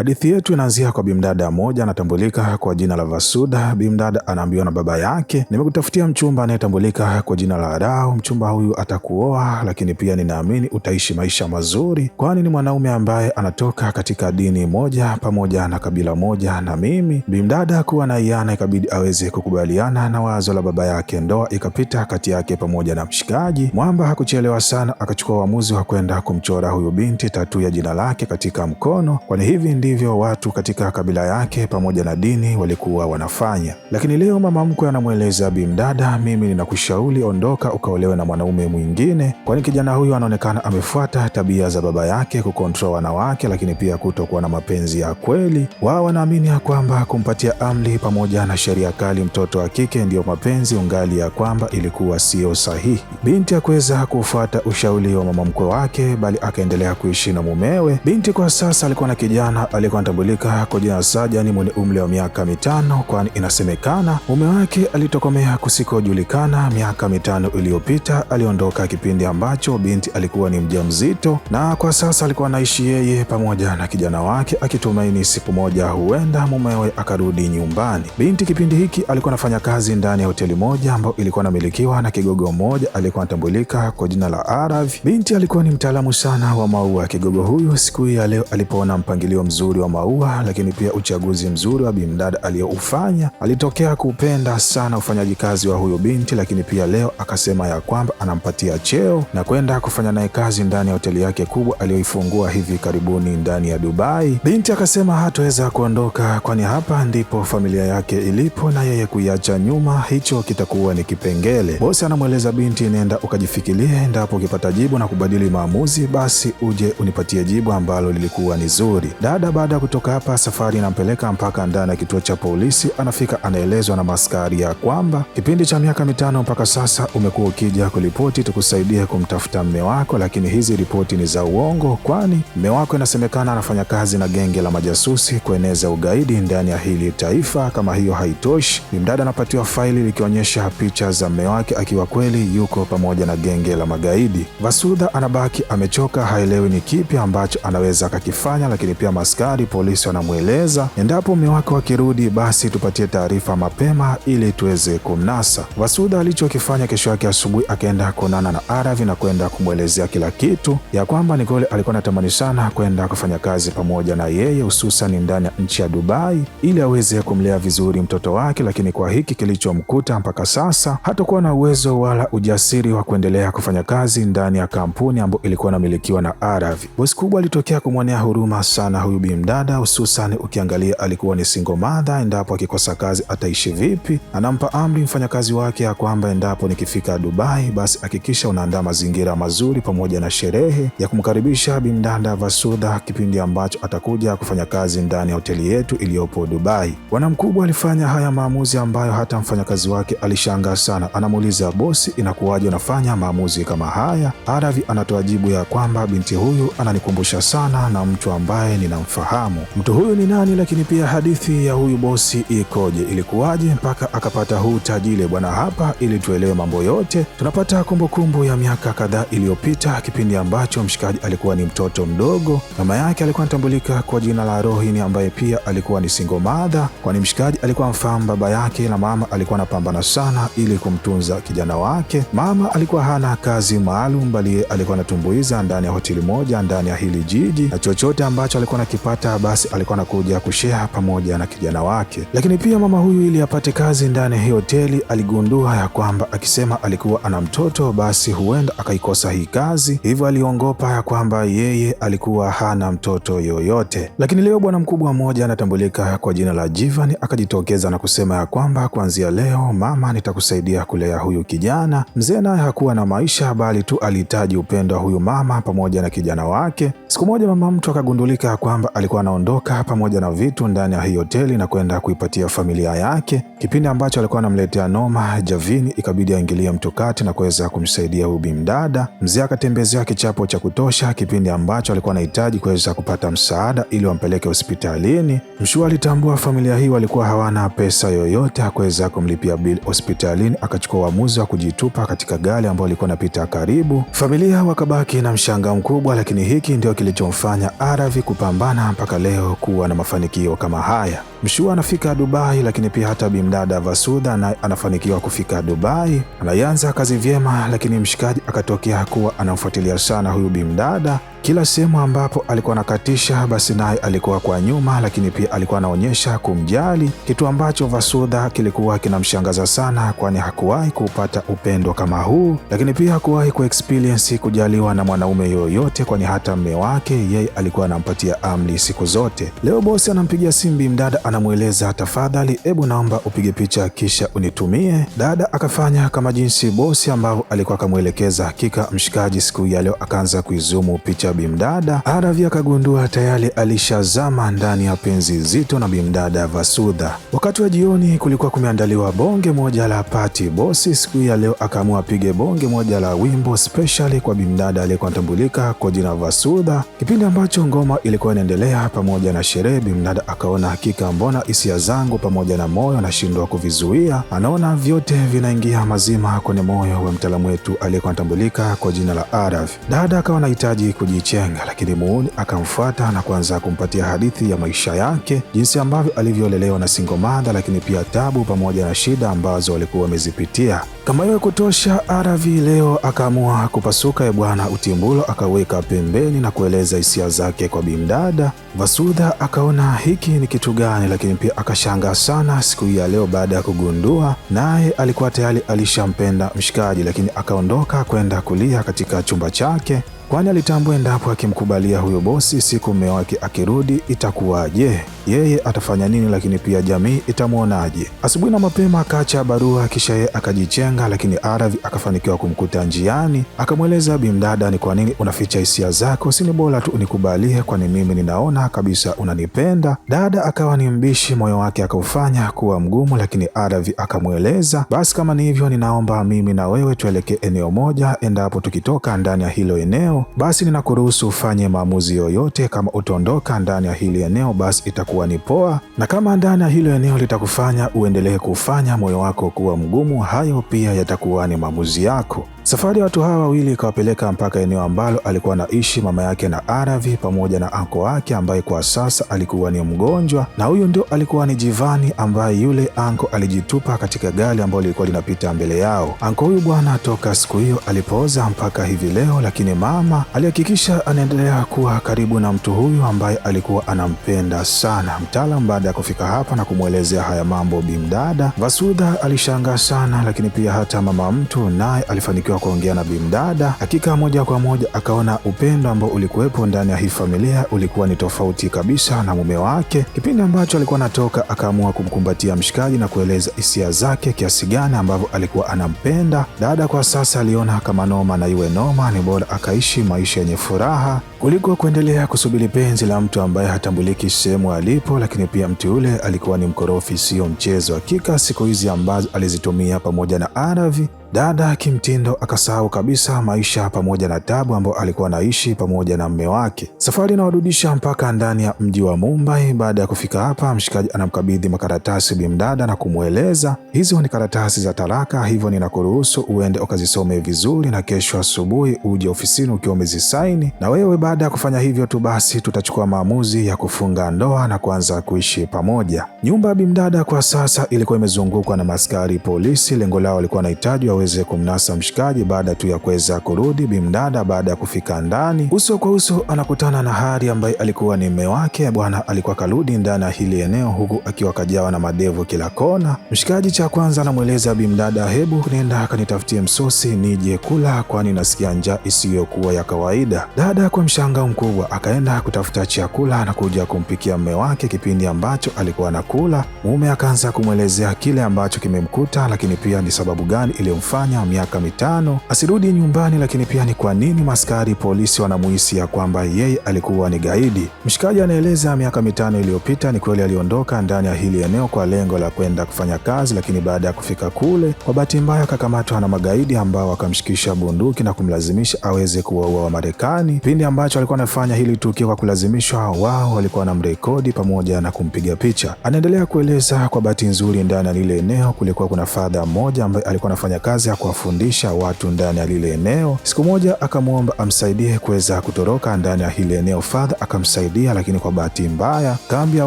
Hadithi yetu inaanzia kwa bimdada mmoja anatambulika kwa jina la Vasuda. Bimdada anaambiwa na baba yake, nimekutafutia mchumba anayetambulika kwa jina la Rao. Mchumba huyu atakuoa, lakini pia ninaamini utaishi maisha mazuri, kwani ni mwanaume ambaye anatoka katika dini moja pamoja na kabila moja na mimi. Bimdada kuwa na iana, ikabidi aweze kukubaliana na wazo la baba yake. Ndoa ikapita kati yake pamoja na mshikaji. Mwamba hakuchelewa sana, akachukua uamuzi wa kwenda kumchora huyu binti tatu ya jina lake katika mkono, kwani hivi ndi ndivyo watu katika kabila yake pamoja na dini walikuwa wanafanya. Lakini leo mama mkwe anamweleza bimdada, mimi ninakushauri ondoka ukaolewe na mwanaume mwingine, kwani kijana huyu anaonekana amefuata tabia za baba yake, kukontrol wanawake, lakini pia kutokuwa na mapenzi ya kweli. Wao wanaamini ya kwamba kumpatia amri pamoja na sheria kali mtoto wa kike ndiyo mapenzi, ungali ya kwamba ilikuwa siyo sahihi. Binti akuweza kufuata ushauri wa mama mkwe wake, bali akaendelea kuishi na mumewe. Binti kwa sasa alikuwa na kijana aliyekuwa anatambulika kwa jina la Sajani mwenye umri wa miaka mitano, kwani inasemekana mume wake alitokomea kusikojulikana miaka mitano iliyopita. Aliondoka kipindi ambacho binti alikuwa ni mjamzito, na kwa sasa alikuwa anaishi yeye pamoja na kijana wake akitumaini siku moja huenda mumewe akarudi nyumbani. Binti kipindi hiki alikuwa anafanya kazi ndani ya hoteli moja ambayo ilikuwa inamilikiwa na kigogo mmoja aliyekuwa anatambulika kwa jina la Arav. Binti alikuwa ni mtaalamu sana wa maua. Kigogo huyu siku hii ya leo alipoona mpangilio mzuri mzuri wa maua, lakini pia uchaguzi mzuri wa bimdada aliyoufanya. Alitokea kupenda sana ufanyaji kazi wa huyu binti, lakini pia leo akasema ya kwamba anampatia cheo na kwenda kufanya naye kazi ndani ya hoteli yake kubwa aliyoifungua hivi karibuni ndani ya Dubai. Binti akasema hataweza kuondoka, kwani hapa ndipo familia yake ilipo na yeye kuiacha nyuma, hicho kitakuwa ni kipengele. Bosi anamweleza binti, nenda ukajifikirie, endapo ukipata jibu na kubadili maamuzi, basi uje unipatie jibu ambalo lilikuwa ni zuri. Dada mara baada ya kutoka hapa, safari inampeleka mpaka ndani ya kituo cha polisi. Anafika, anaelezwa na maskari ya kwamba kipindi cha miaka mitano mpaka sasa umekuwa ukija kuripoti tukusaidia kumtafuta mme wako, lakini hizi ripoti ni za uongo, kwani mme wako inasemekana anafanya kazi na genge la majasusi kueneza ugaidi ndani ya hili taifa. Kama hiyo haitoshi, mdada anapatiwa faili likionyesha picha za mme wake akiwa kweli yuko pamoja na genge la magaidi. Vasudha anabaki amechoka, haelewi ni kipi ambacho anaweza akakifanya, lakini pia maskari askari polisi wanamweleza endapo mume wake wakirudi, basi tupatie taarifa mapema ili tuweze kumnasa. Wasuda alichokifanya kesho yake asubuhi, akaenda kuonana na Aravi na kwenda kumwelezea kila kitu, ya kwamba Nicole alikuwa anatamani sana kwenda kufanya kazi pamoja na yeye, hususan ndani ya nchi ya Dubai ili aweze kumlea vizuri mtoto wake, lakini kwa hiki kilichomkuta mpaka sasa hatakuwa na uwezo wala ujasiri wa kuendelea kufanya kazi ndani ya kampuni ambayo ilikuwa inamilikiwa na Aravi. Bosi kubwa alitokea kumwonea huruma sana huyu bi mdada, hususan ukiangalia alikuwa ni single mother. Endapo akikosa kazi ataishi vipi? Anampa amri mfanyakazi wake ya kwamba endapo nikifika Dubai, basi hakikisha unaandaa mazingira mazuri pamoja na sherehe ya kumkaribisha bi mdada Vasudha kipindi ambacho atakuja kufanya kazi ndani ya hoteli yetu iliyopo Dubai. Bwana mkubwa alifanya haya maamuzi ambayo hata mfanyakazi wake alishangaa sana, anamuuliza bosi, inakuwaje unafanya maamuzi kama haya? Aravi anatoa jibu ya kwamba binti huyu ananikumbusha sana na mtu ambaye ninamfahamu kufahamu mtu huyu ni nani, lakini pia hadithi ya huyu bosi ikoje, ilikuwaje mpaka akapata huu tajile bwana. Hapa ili tuelewe mambo yote, tunapata kumbukumbu kumbu ya miaka kadhaa iliyopita, kipindi ambacho mshikaji alikuwa ni mtoto mdogo. Mama yake alikuwa anatambulika kwa jina la Rohini, ambaye pia alikuwa ni single mother, kwani mshikaji alikuwa mfahamu baba yake, na mama alikuwa anapambana sana ili kumtunza kijana wake. Mama alikuwa hana kazi maalum, bali alikuwa anatumbuiza ndani ya hoteli moja ndani ya hili jiji, na chochote ambacho alikuwa na aliyoipata basi alikuwa anakuja kushare pamoja na kijana wake. Lakini pia mama huyu ili apate kazi ndani ya hoteli aligundua ya kwamba akisema alikuwa ana mtoto basi huenda akaikosa hii kazi, hivyo aliongopa ya kwamba yeye alikuwa hana mtoto yoyote. Lakini leo bwana mkubwa mmoja anatambulika kwa jina la Jivan akajitokeza na kusema ya kwamba kuanzia leo mama, nitakusaidia kulea huyu kijana. Mzee naye hakuwa na maisha bali tu alihitaji upendo wa huyu mama pamoja na kijana wake. Siku moja mama mtu akagundulika kwamba alikuwa anaondoka pamoja na vitu ndani ya hii hoteli na kwenda kuipatia familia yake. Kipindi ambacho alikuwa anamletea noma Javini, ikabidi aingilie mtu kati na kuweza kumsaidia ubi mdada. Mzee akatembezewa kichapo cha kutosha, kipindi ambacho alikuwa anahitaji kuweza kupata msaada ili wampeleke hospitalini. Mshua alitambua familia hii walikuwa hawana pesa yoyote, akuweza kumlipia bil hospitalini, akachukua uamuzi wa kujitupa katika gari ambayo alikuwa anapita karibu. Familia wakabaki na mshangao mkubwa, lakini hiki ndio kilichomfanya Aravi kupambana mpaka leo kuwa na mafanikio kama haya. Mshua anafika Dubai, lakini pia hata bimdada Vasudha anafanikiwa kufika Dubai, anaanza kazi vyema, lakini mshikaji akatokea kuwa anamfuatilia sana huyu bimdada kila sehemu ambapo alikuwa anakatisha, basi naye alikuwa kwa nyuma, lakini pia alikuwa anaonyesha kumjali, kitu ambacho Vasudha kilikuwa kinamshangaza sana, kwani hakuwahi kupata upendo kama huu, lakini pia hakuwahi kuexperience kujaliwa na mwanaume yoyote, kwani hata mme wake yeye alikuwa anampatia amri siku zote. Leo bosi anampigia Simbi mdada, anamweleza tafadhali, ebu naomba upige picha kisha unitumie. Dada akafanya kama jinsi bosi ambao alikuwa akamwelekeza. Hakika mshikaji siku ya leo akaanza kuizumu picha cha bimdada, Aravi akagundua tayari alishazama ndani ya penzi zito na bimdada Vasudha. Wakati wa jioni kulikuwa kumeandaliwa bonge moja la pati. Bosi siku ya leo akaamua apige bonge moja la wimbo speciali kwa bimdada aliyekuwa anatambulika kwa jina Vasudha. Kipindi ambacho ngoma ilikuwa inaendelea pamoja na sherehe, bimdada akaona hakika, mbona hisia zangu pamoja na moyo anashindwa kuvizuia, anaona vyote vinaingia mazima kwenye moyo wa mtaalamu wetu aliyekuwa anatambulika kwa jina la Aravi. Dada akawa anahitaji kuji Mchenga, lakini Muuni akamfuata na kuanza kumpatia hadithi ya maisha yake, jinsi ambavyo alivyolelewa na singomadha, lakini pia tabu pamoja na shida ambazo walikuwa wamezipitia. Kama hiyo kutosha, RV leo akaamua kupasuka ya bwana utimbulo, akaweka pembeni na kueleza hisia zake kwa bimdada Vasudha. Akaona hiki ni kitu gani, lakini pia akashangaa sana siku hii ya leo baada ya kugundua naye alikuwa tayari alishampenda mshikaji, lakini akaondoka kwenda kulia katika chumba chake kwani alitambua endapo akimkubalia huyo bosi siku mume wake akirudi itakuwaje, yeye atafanya nini, lakini pia jamii itamwonaje? Asubuhi na mapema akaacha barua, kisha yeye akajichenga, lakini Aravi akafanikiwa kumkuta njiani, akamweleza bimdada, ni kwa nini unaficha hisia zako? Si ni bora tu unikubalie, kwani mimi ninaona kabisa unanipenda. Dada akawa ni mbishi, moyo wake akaufanya kuwa mgumu, lakini Aravi akamweleza, basi kama ni hivyo, ninaomba mimi na wewe tuelekee eneo moja, endapo tukitoka ndani ya hilo eneo basi ninakuruhusu ufanye maamuzi yoyote. Kama utaondoka ndani ya hili eneo, basi itakuwa ni poa, na kama ndani ya hilo eneo litakufanya uendelee kufanya moyo wako kuwa mgumu, hayo pia yatakuwa ni maamuzi yako. Safari ya watu hawa wawili ikawapeleka mpaka eneo ambalo alikuwa anaishi mama yake na Aravi pamoja na anko wake ambaye kwa sasa alikuwa ni mgonjwa, na huyu ndio alikuwa ni Jivani ambaye yule anko alijitupa katika gari ambalo lilikuwa linapita mbele yao. Anko huyu bwana toka siku hiyo alipooza mpaka hivi leo, lakini mama alihakikisha anaendelea kuwa karibu na mtu huyu ambaye alikuwa anampenda sana. Mtaalam baada ya kufika hapa na kumwelezea haya mambo bimdada Vasuda alishangaa sana, lakini pia hata mama mtu naye alifanikiwa alifanikiwa kuongea na bimdada. Hakika moja kwa moja akaona upendo ambao ulikuwepo ndani ya hii familia ulikuwa ni tofauti kabisa na mume wake. Kipindi ambacho alikuwa anatoka, akaamua kumkumbatia mshikaji na kueleza hisia zake kiasi gani ambavyo alikuwa anampenda dada. Kwa sasa aliona kama noma na iwe noma, ni bora akaishi maisha yenye furaha kuliko kuendelea kusubiri penzi la mtu ambaye hatambuliki sehemu alipo. Lakini pia mtu yule alikuwa ni mkorofi, sio mchezo. Hakika siku hizi ambazo alizitumia pamoja na Aravi Dada kimtindo akasahau kabisa maisha pamoja na tabu ambayo alikuwa anaishi pamoja na mme wake. Safari inawarudisha mpaka ndani ya mji wa Mumbai. Baada ya kufika hapa, mshikaji anamkabidhi makaratasi bimdada na kumweleza, hizo ni karatasi za talaka, hivyo ninakuruhusu uende ukazisome vizuri, na kesho asubuhi uje ofisini ukiwa umezisaini, na wewe baada ya kufanya hivyo tu basi tutachukua maamuzi ya kufunga ndoa na kuanza kuishi pamoja. Nyumba ya bimdada kwa sasa ilikuwa imezungukwa na maskari polisi, lengo lao walikuwa wanahitaji aweze kumnasa mshikaji baada tu ya kuweza kurudi. Bimdada baada ya kufika ndani, uso kwa uso anakutana na Hari ambaye alikuwa ni mme wake. Bwana alikuwa karudi ndani ya hili eneo huku akiwa kajawa na madevu kila kona. Mshikaji cha kwanza anamweleza bimdada, hebu nenda akanitafutie msosi nije kula, kwani nasikia njaa isiyokuwa ya kawaida. Dada kwa mshangao mkubwa akaenda kutafuta chakula na kuja kumpikia mme wake. Kipindi ambacho alikuwa anakula, mume akaanza kumwelezea kile ambacho kimemkuta, lakini pia ni sababu gani iliyomfanya kufanya miaka mitano asirudi nyumbani, lakini pia ni kwa nini maskari polisi wanamuhisi ya kwamba yeye alikuwa ni gaidi. Mshikaji anaeleza miaka mitano iliyopita ni kweli aliondoka ndani ya hili eneo kwa lengo la kwenda kufanya kazi, lakini baada ya kufika kule, kwa bahati mbaya akakamatwa na magaidi ambao wakamshikisha bunduki na kumlazimisha aweze kuwaua Wamarekani. Kipindi ambacho alikuwa anafanya hili tukio kwa kulazimishwa, wao walikuwa wanamrekodi pamoja na kumpiga picha. Anaendelea kueleza, kwa bahati nzuri ndani ya lile eneo kulikuwa kuna fadha mmoja ambaye alikuwa anafanya kazi akaanza kuwafundisha watu ndani ya lile eneo. Siku moja akamwomba amsaidie kuweza kutoroka ndani ya hili eneo. Fadha akamsaidia, lakini kwa bahati mbaya kambi ya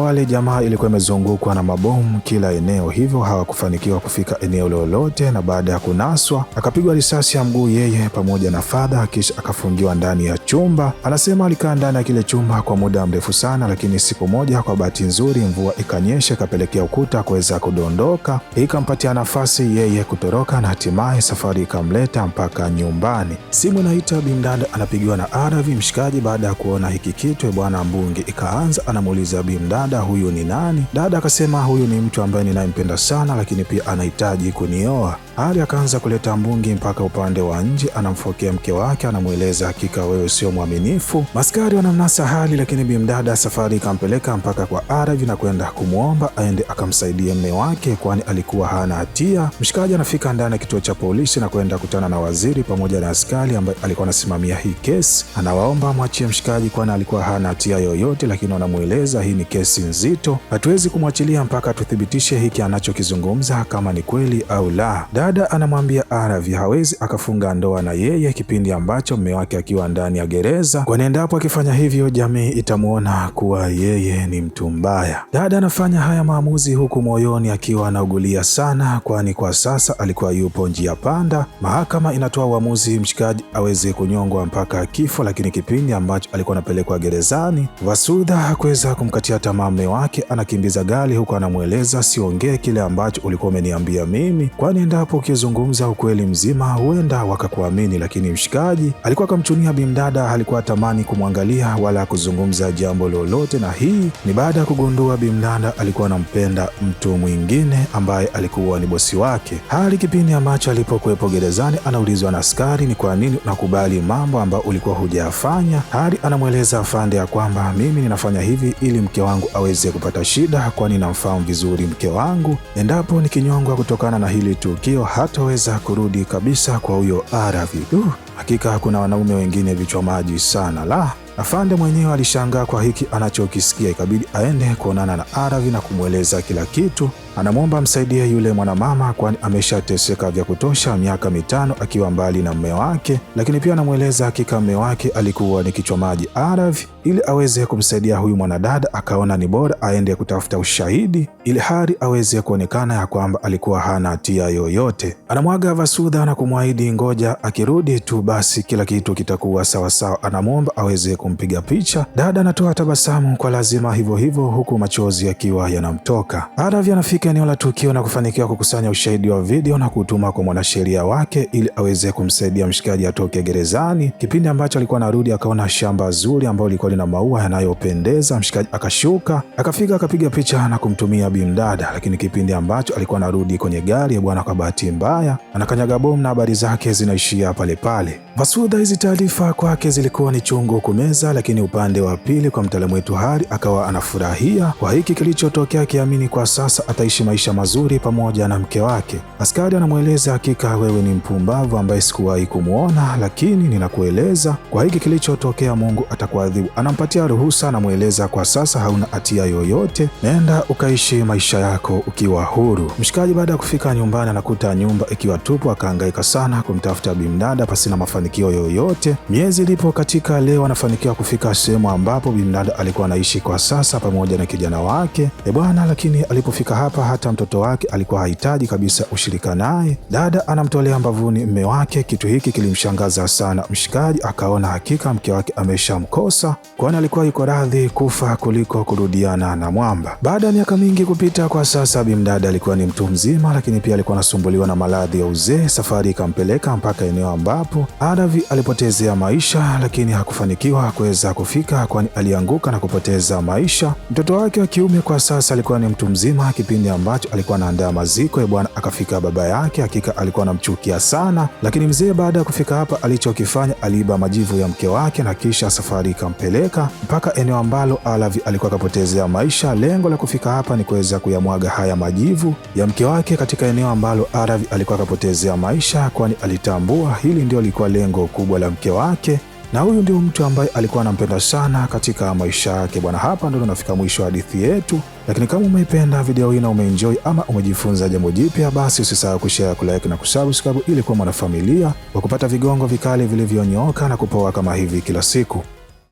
wale jamaa ilikuwa imezungukwa na mabomu kila eneo, hivyo hawakufanikiwa kufika eneo lolote, na baada ya kunaswa akapigwa risasi ya mguu yeye pamoja na Fadha, kisha akafungiwa ndani ya chumba. Anasema alikaa ndani ya kile chumba kwa muda mrefu sana, lakini siku moja kwa bahati nzuri mvua ikanyesha, ikapelekea ukuta kuweza kudondoka, ikampatia nafasi yeye kutoroka na hatimaye hatimaye safari ikamleta mpaka nyumbani. Simu inaita, Bimdada anapigiwa na Aravi mshikaji. Baada ya kuona hiki kitu bwana mbungi ikaanza, anamuuliza Bimdada, huyu ni nani? Dada akasema huyu ni mtu ambaye ninayempenda sana, lakini pia anahitaji kunioa. Hali akaanza kuleta mbungi mpaka upande wa nje, anamfokea mke wake, anamweleza hakika wewe sio mwaminifu. Maskari wanamnasa hali, lakini Bimdada safari ikampeleka mpaka kwa Aravi na kwenda kumwomba aende akamsaidia mme wake, kwani alikuwa hana hatia. Mshikaji anafika ndani ya kituo cha cha polisi na kwenda kutana na waziri pamoja na askari ambaye alikuwa anasimamia hii kesi. Anawaomba mwachie mshikaji, kwani alikuwa hana hatia yoyote, lakini wanamweleza hii ni kesi nzito, hatuwezi kumwachilia mpaka tuthibitishe hiki anachokizungumza kama ni kweli au la. Dada anamwambia Aravi hawezi akafunga ndoa na yeye kipindi ambacho mume wake akiwa ndani ya gereza, kwani endapo akifanya hivyo jamii itamwona kuwa yeye ni mtu mbaya. Dada anafanya haya maamuzi huku moyoni akiwa anaugulia sana, kwani kwa sasa alikuwa yupo njia panda. Mahakama inatoa uamuzi mshikaji aweze kunyongwa mpaka kifo, lakini kipindi ambacho alikuwa anapelekwa gerezani, Vasudha hakuweza kumkatia tamaa. Mme wake anakimbiza gari huko, anamweleza siongee kile ambacho ulikuwa umeniambia mimi, kwani endapo ukizungumza ukweli mzima huenda wakakuamini. Lakini mshikaji alikuwa akamchunia bimdada, alikuwa atamani kumwangalia wala kuzungumza jambo lolote, na hii ni baada ya kugundua bimdada alikuwa anampenda mtu mwingine ambaye alikuwa ni bosi wake, hali kipindi ambacho Heche alipokuwepo gerezani, anaulizwa na askari, ni kwa nini unakubali mambo ambayo ulikuwa hujafanya? Hadi anamweleza afande ya kwamba mimi ninafanya hivi ili mke wangu aweze kupata shida, kwani namfahamu vizuri mke wangu. Endapo nikinyongwa kutokana na hili tukio, hataweza kurudi kabisa kwa huyo Aravi. Uh, hakika kuna wanaume wengine vichwa maji sana la Afande mwenyewe alishangaa kwa hiki anachokisikia, ikabidi aende kuonana na Aravi na kumweleza kila kitu anamwomba amsaidie yule mwanamama, kwani ameshateseka vya kutosha miaka mitano akiwa mbali na mme wake, lakini pia anamweleza hakika mme wake alikuwa ni kichwa maji ardhi. Ili aweze kumsaidia huyu mwanadada, akaona ni bora aende kutafuta ushahidi ili hali aweze kuonekana ya kwamba alikuwa hana hatia yoyote. Anamwaga Vasudha na kumwahidi ngoja akirudi tu basi kila kitu kitakuwa sawasawa. Anamwomba aweze kumpiga picha. Dada anatoa tabasamu kwa lazima hivyo hivyo, huku machozi yakiwa yanamtoka. Ardhi anafika katika eneo la tukio na kufanikiwa kukusanya ushahidi wa video na kutuma kwa mwanasheria wake ili aweze kumsaidia mshikaji atoke gerezani. Kipindi ambacho alikuwa anarudi, akaona shamba zuri ambalo lilikuwa lina maua yanayopendeza. Mshikaji akashuka akafika akapiga picha na kumtumia bimdada, lakini kipindi ambacho alikuwa anarudi kwenye gari, bwana, kwa bahati mbaya anakanyaga bomu na habari zake zinaishia pale pale. Masuda, hizi taarifa kwake zilikuwa ni chungu kumeza, lakini upande wa pili kwa mtaalamu wetu Hari akawa anafurahia kwa hiki kilichotokea, akiamini kwa sasa ataishi maisha mazuri pamoja na mke wake. Askari anamweleza hakika, wewe ni mpumbavu ambaye sikuwahi kumwona, lakini ninakueleza kwa hiki kilichotokea, Mungu atakuadhibu. Anampatia ruhusa, anamweleza kwa sasa hauna hatia yoyote, nenda ukaishi maisha yako ukiwa huru. Mshikaji baada ya kufika nyumbani anakuta nyumba ikiwa tupu, akahangaika sana kumtafuta bimdada pasina mafanikio mafanikio yoyote. Miezi ilipo katika leo, anafanikiwa kufika sehemu ambapo Bimnad alikuwa anaishi kwa sasa pamoja na kijana wake e bwana. Lakini alipofika hapa, hata mtoto wake alikuwa hahitaji kabisa ushirika naye. Dada anamtolea mbavuni mme wake. Kitu hiki kilimshangaza sana mshikaji, akaona hakika mke wake ameshamkosa, kwani alikuwa yuko radhi kufa kuliko kurudiana na mwamba. Baada ya miaka mingi kupita, kwa sasa Bimdada alikuwa ni mtu mzima, lakini pia alikuwa anasumbuliwa na maradhi ya uzee. Safari ikampeleka mpaka eneo ambapo Nadavi alipotezea maisha lakini hakufanikiwa kuweza kufika, kwani alianguka na kupoteza maisha. Mtoto wake wa kiume kwa sasa alikuwa ni mtu mzima. Kipindi ambacho alikuwa anaandaa maziko ya bwana akafika baba yake, hakika alikuwa anamchukia sana, lakini mzee baada ya kufika hapa, alichokifanya aliiba majivu ya mke wake na kisha safari ikampeleka mpaka eneo ambalo Alavi alikuwa akapotezea maisha. Lengo la kufika hapa ni kuweza kuyamwaga haya majivu ya mke wake katika eneo ambalo Alavi alikuwa akapotezea maisha, kwani alitambua hili ndio likuwa lengo pengo kubwa la mke wake, na huyu ndio mtu ambaye alikuwa anampenda sana katika maisha yake. Bwana, hapa ndio tunafika mwisho wa hadithi yetu, lakini kama umeipenda video hii na umeenjoy ama umejifunza jambo jipya, basi usisahau kushare, kulike na kusubscribe ili kuwa mwanafamilia wa kupata vigongo vikali vilivyonyooka na kupoa kama hivi kila siku.